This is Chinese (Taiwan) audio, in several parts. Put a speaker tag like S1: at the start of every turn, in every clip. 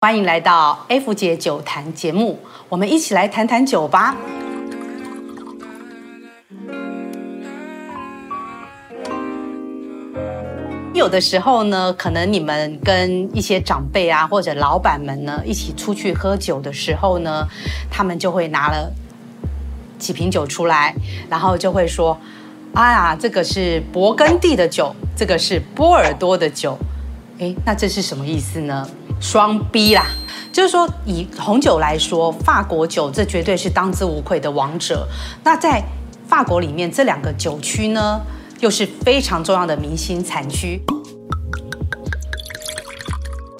S1: 歡迎來到 F 姐酒談節目，我們一起來談談酒吧。有的時候呢，可能你們跟一些長輩啊，或者老闆們呢，一起出去喝酒的時候呢，他們就會拿了幾瓶酒出來，然後就會說：“啊，這個是勃艮地的酒，這個是波爾多的酒。”哎，那這是什麼意思呢？雙 B 啦，就是說以紅酒來說，法國酒這絕對是當之無愧的王者。那在法國裡面，這兩個酒區呢，又是非常重要的明星產區。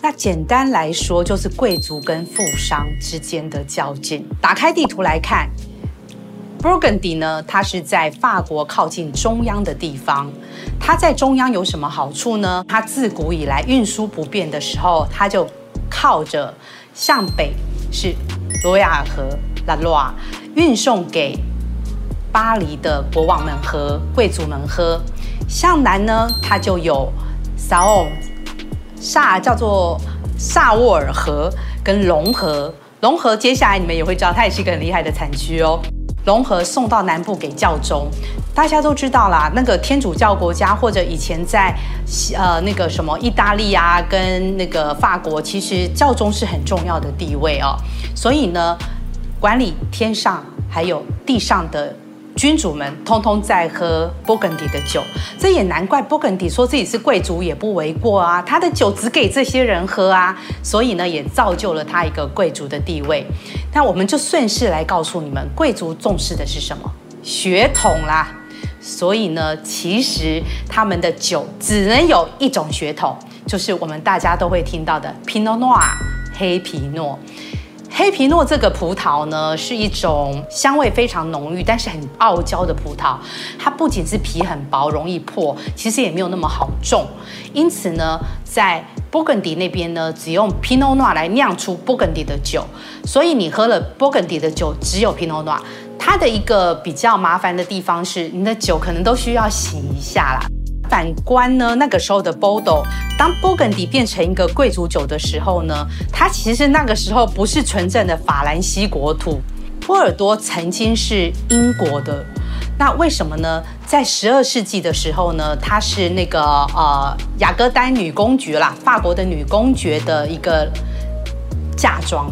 S1: 那簡單來說，就是貴族跟富商之間的較勁。打開地圖來看。Burgundy 呢，它是在法國靠近中央的地方。它在中央有什麼好處呢？它自古以來運輸不便的時候，它就靠着向北是羅亞河拉 a 運送給巴黎的國王們和貴族們喝。向南呢，它就有沙 a 沙，薩叫做薩沃爾河跟龍河。龍河接下來你們也會知道，它也是一個很厲害的產區哦。隆河送到南部給教宗，大家都知道啦。那個天主教國家或者以前在呃那個什麼意大利啊，跟那個法國，其實教宗是很重要的地位哦。所以呢，管理天上還有地上的。君主們通通在喝勃艮第的酒，這也難怪勃艮第說自己是貴族也不為過啊。他的酒只給這些人喝啊，所以呢也造就了他一個貴族的地位。那我們就順勢來告訴你們，貴族重視的是什麼？血統啦。所以呢，其實他們的酒只能有一種血統，就是我們大家都會聽到的 Pinot Noir，黑皮諾。黑皮諾這個葡萄呢，是一種香味非常濃郁，但是很傲嬌的葡萄。它不僅是皮很薄，容易破，其實也沒有那麼好種。因此呢，在勃艮第那邊呢，只用 Pinot Noir 來釀出勃艮第的酒。所以你喝了勃艮第的酒，只有 Pinot Noir。它的一個比較麻煩的地方是，你的酒可能都需要洗一下啦。反觀呢，那個時候的波爾多，當勃艮第變成一個貴族酒的時候呢，它其實那個時候不是純正的法蘭西國土。波爾多曾經是英國的，那為什麼呢？在十二世紀的時候呢，它是那個呃雅各丹女公爵啦，法國的女公爵的一個嫁妝。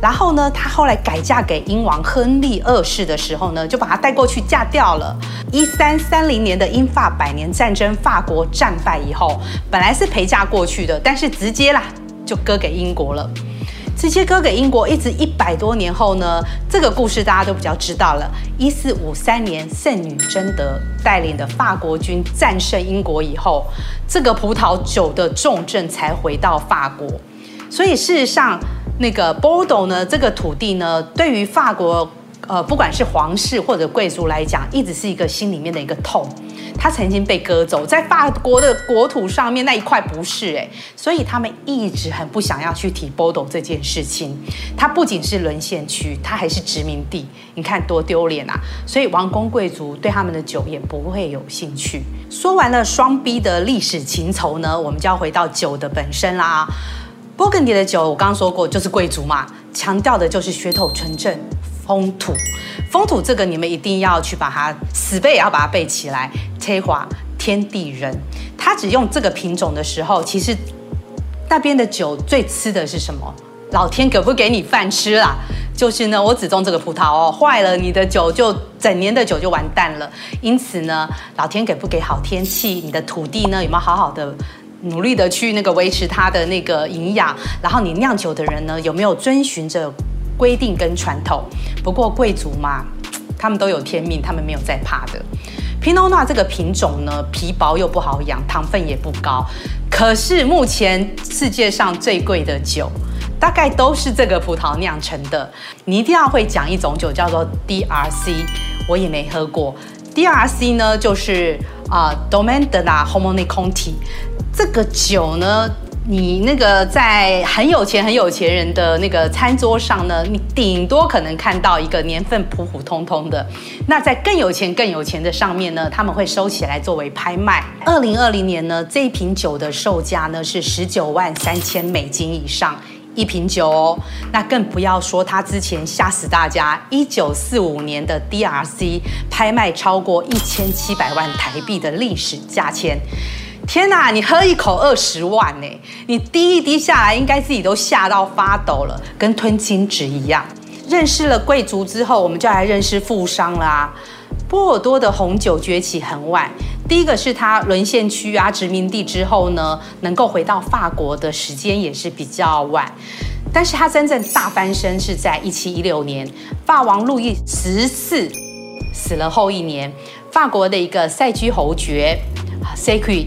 S1: 然後呢，她後來改嫁給英王亨利二世的時候呢，就把他帶過去嫁掉了。一三三零年的英法百年戰爭，法國戰敗以後，本來是陪嫁過去的，但是直接啦就割給英國了。直接割給英國，一直一百多年後呢，這個故事大家都比較知道了。一四五三年，聖女貞德帶領的法國軍戰勝英國以後，這個葡萄酒的重鎮才回到法國。所以事實上。那個 Bordeaux 呢？這個土地呢，對於法國，呃，不管是皇室或者貴族來講，一直是一個心裡面的一個痛。他曾經被割走，在法國的國土上面那一塊不是、欸、所以他們一直很不想要去提 Bordeaux 這件事情。它不僅是淪陷區，它還是殖民地，你看多丟臉啊！所以王公貴族對他們的酒也不會有興趣。說完了雙 B 的歷史情仇呢，我們就要回到酒的本身啦。勃艮地的酒，我剛剛說過，就是貴族嘛，強調的就是血統純正、風土。風土這個，你們一定要去把它死背，也要把它背起來。才華天地人，他只用這個品種的時候，其實那邊的酒最吃的是什麼？老天給不給你飯吃啦、啊？就是呢，我只種這個葡萄哦，壞了你的酒就整年的酒就完蛋了。因此呢，老天給不給好天氣，你的土地呢有沒有好好的？努力的去那個維持它的那個營養，然後你釀酒的人呢，有沒有遵循着規定跟傳統？不過貴族嘛，他們都有天命，他們沒有在怕的。Pinot Noir 這個品種呢，皮薄又不好養，糖分也不高，可是目前世界上最貴的酒，大概都是這個葡萄釀成的。你一定要會講一種酒叫做 DRC，我也沒喝過。DRC 呢就是啊、呃、Domaine de la Romanée Conti。這個酒呢，你那個在很有錢很有錢人的那個餐桌上呢，你頂多可能看到一個年份普普通通的。那在更有錢更有錢的上面呢，他們會收起來作為拍賣。二零二零年呢，這一瓶酒的售價呢，是十九萬三千美金以上，一瓶酒哦。那更不要說它之前嚇死大家，一九四五年的 DRC 拍賣超過一千七百萬台幣的歷史價錢。天吶，你喝一口二十萬呢！你滴一滴下來，應該自己都嚇到發抖了，跟吞金紙一樣。認識了貴族之後，我們就來認識富商啦、啊。波爾多的紅酒崛起很晚，第一個是他淪陷區啊殖民地之後呢，能夠回到法國的時間也是比較晚。但是它真正大翻身是在一七一六年，法王路易十四死了後一年，法國的一個賽居侯爵 sacred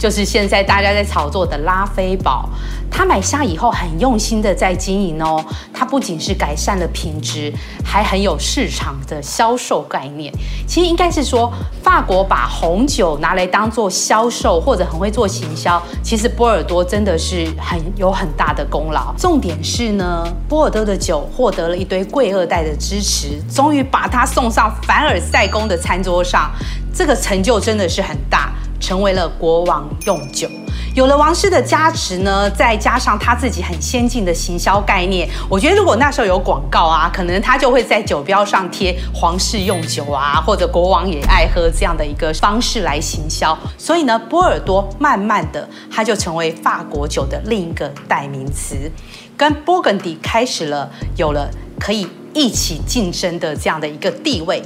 S1: 就是現在大家在炒作的拉菲堡，他買下以後很用心的在經營哦，它不僅是改善了品質，還很有市場的銷售概念。其實應該是說，法國把紅酒拿來當做銷售，或者很會做行銷。其實波爾多真的是很有很大的功勞。重點是呢，波爾多的酒獲得了一堆貴二代的支持，終於把它送上凡爾賽宮的餐桌上，這個成就真的是很大。成為了國王用酒，有了王室的加持呢，再加上他自己很先進的行銷概念，我覺得如果那時候有廣告啊，可能他就會在酒標上貼“皇室用酒”啊，或者國王也愛喝這樣的一個方式來行銷。所以呢，波爾多慢慢的，它就成為法國酒的另一個代名詞，跟勃艮地開始了有了可以一起競爭的這樣的一個地位。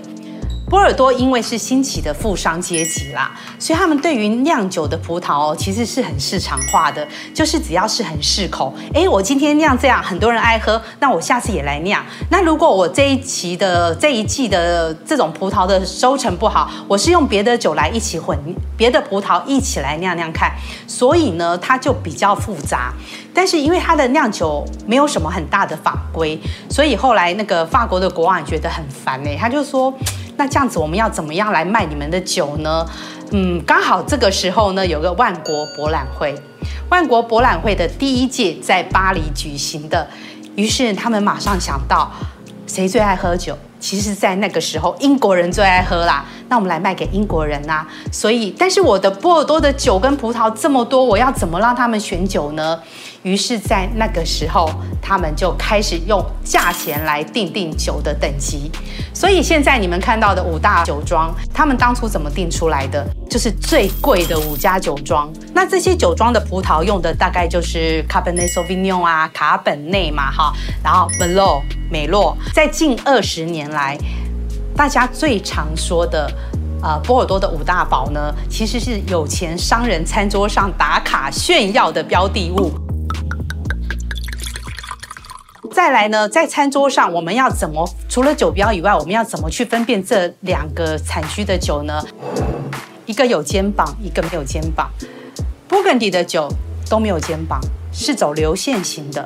S1: 波爾多因為是興起的富商階級啦，所以他們對於釀酒的葡萄、哦、其實是很市場化的，就是只要是很適口，哎，我今天釀這樣，很多人愛喝，那我下次也來釀。那如果我這一期的這一季的這種葡萄的收成不好，我是用別的酒來一起混，別的葡萄一起來釀釀看。所以呢，它就比較複雜。但是因為它的釀酒沒有什麼很大的法規，所以後來那個法國的國王覺得很煩哎、欸，他就說。那這樣子，我們要怎麼樣來賣你們的酒呢？嗯，剛好這個時候呢，有個萬國博覽會，萬國博覽會的第一屆在巴黎舉行的，於是他們馬上想到，誰最愛喝酒？其實，在那個時候，英國人最愛喝啦。那我們來賣給英國人吶、啊，所以，但是我的波爾多的酒跟葡萄這麼多，我要怎麼讓他們選酒呢？於是，在那個時候，他們就開始用價錢來定定酒的等級。所以現在你們看到的五大酒莊，他們當初怎麼定出來的？就是最貴的五家酒莊。那這些酒莊的葡萄用的大概就是 Cabernet Sauvignon 啊，卡本內嘛，哈，然後 Merlot 美洛，在近二十年來。大家最常說的，呃，波爾多的五大堡呢，其實是有錢商人餐桌上打卡炫耀的標的物。再來呢，在餐桌上我們要怎麼，除了酒標以外，我們要怎麼去分辨這兩個產區的酒呢？一個有肩膀，一個沒有肩膀。勃艮第的酒都沒有肩膀，是走流線型的；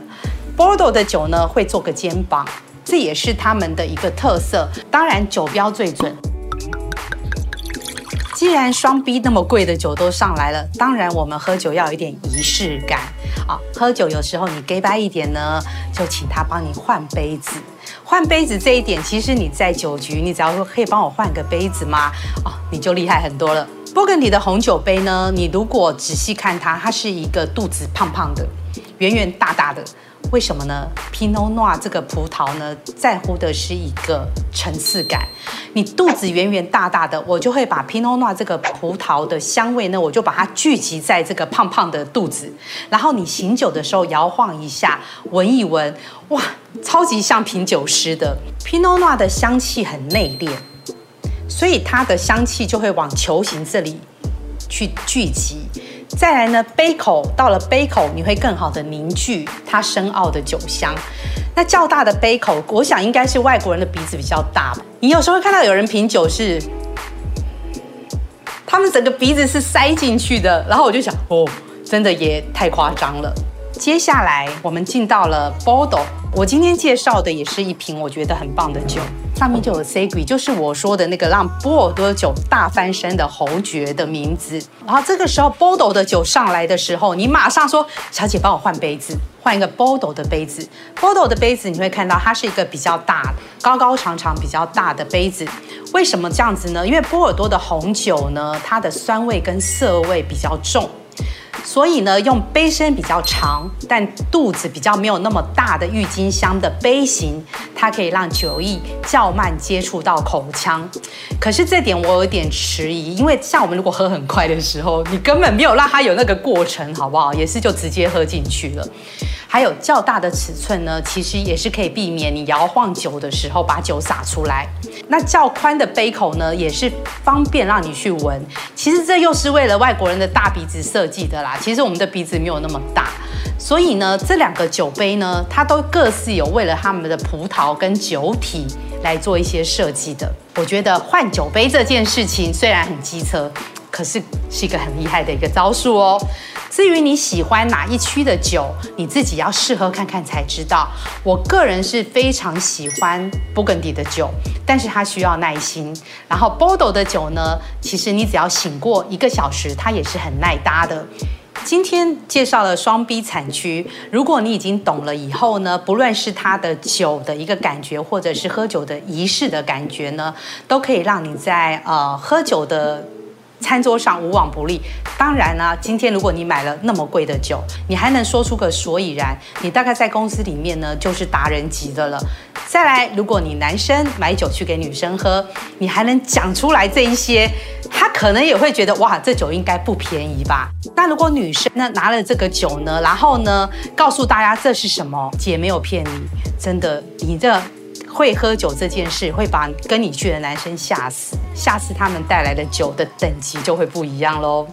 S1: 波爾多的酒呢，會做個肩膀。這也是他們的一個特色，當然酒標最準。既然雙 B 那麼貴的酒都上來了，當然我們喝酒要有一點儀式感啊。哦，喝酒有時候你給拜一點呢，就請他幫你換杯子。換杯子這一點，其實你在酒局，你只要說可以幫我換個杯子嗎？哦，你就厲害很多了。勃艮地的紅酒杯呢，你如果仔細看它，它是一個肚子胖胖的、圓圓大大的。為什麼呢？Pinot Noir 這個葡萄呢，在乎的是一個層次感。你肚子圓圓大大的，我就會把 Pinot Noir 這個葡萄的香味呢，我就把它聚集在這個胖胖的肚子。然後你醒酒的時候搖晃一下，聞一聞，哇，超級像品酒師的 Pinot Noir 的香氣很內斂，所以它的香氣就會往球形這裡去聚集。再來呢，杯口到了杯口，你會更好的凝聚它深奧的酒香。那較大的杯口，我想應該是外國人的鼻子比較大吧。你有時候會看到有人品酒是，他們整個鼻子是塞進去的，然後我就想，哦，真的也太誇張了。接下來我們進到了 Bordeaux。我今天介紹的也是一瓶我覺得很棒的酒，上面就有 Ségur，就是我說的那個讓波爾多酒大翻身的侯爵的名字。然後這個時候波爾多的酒上來的時候，你馬上說：“小姐，幫我換杯子，換一個波爾多的杯子。”波爾多的杯子你會看到它是一個比較大、高高長長、比較大的杯子。為什麼這樣子呢？因為波爾多的紅酒呢，它的酸味跟澀味比較重。所以呢，用杯身比較長，但肚子比較沒有那麼大的鬱金香的杯型。它可以讓酒液較慢接觸到口腔，可是這點我有點遲疑，因為像我們如果喝很快的時候，你根本沒有讓它有那個過程，好不好？也是就直接喝進去了。還有較大的尺寸呢，其實也是可以避免你搖晃酒的時候把酒灑出來。那較寬的杯口呢，也是方便讓你去聞。其實這又是為了外國人的大鼻子設計的啦。其實我們的鼻子沒有那麼大。所以呢，這兩個酒杯呢，它都各自有為了他們的葡萄跟酒體來做一些設計的。我覺得換酒杯這件事情雖然很機車，可是是一個很厲害的一個招數哦。至於你喜歡哪一區的酒，你自己要試喝看看才知道。我個人是非常喜歡 Burgundy 的酒，但是它需要耐心。然後 Bordeaux 的酒呢，其實你只要醒過一個小時，它也是很耐搭的。今天介紹了雙 B 產區，如果你已經懂了以後呢，不論是它的酒的一個感覺，或者是喝酒的儀式的感覺呢，都可以讓你在呃喝酒的餐桌上無往不利。當然呢、啊，今天如果你買了那麼貴的酒，你還能說出個所以然，你大概在公司裡面呢就是達人級的了。再來，如果你男生買酒去給女生喝，你還能講出來這一些，他可能也會覺得哇，這酒應該不便宜吧？那如果女生那拿了這個酒呢，然後呢，告訴大家這是什麼，姐沒有騙你，真的，你這會喝酒這件事會把跟你去的男生嚇死，下次他們帶來的酒的等級就會不一樣嘍。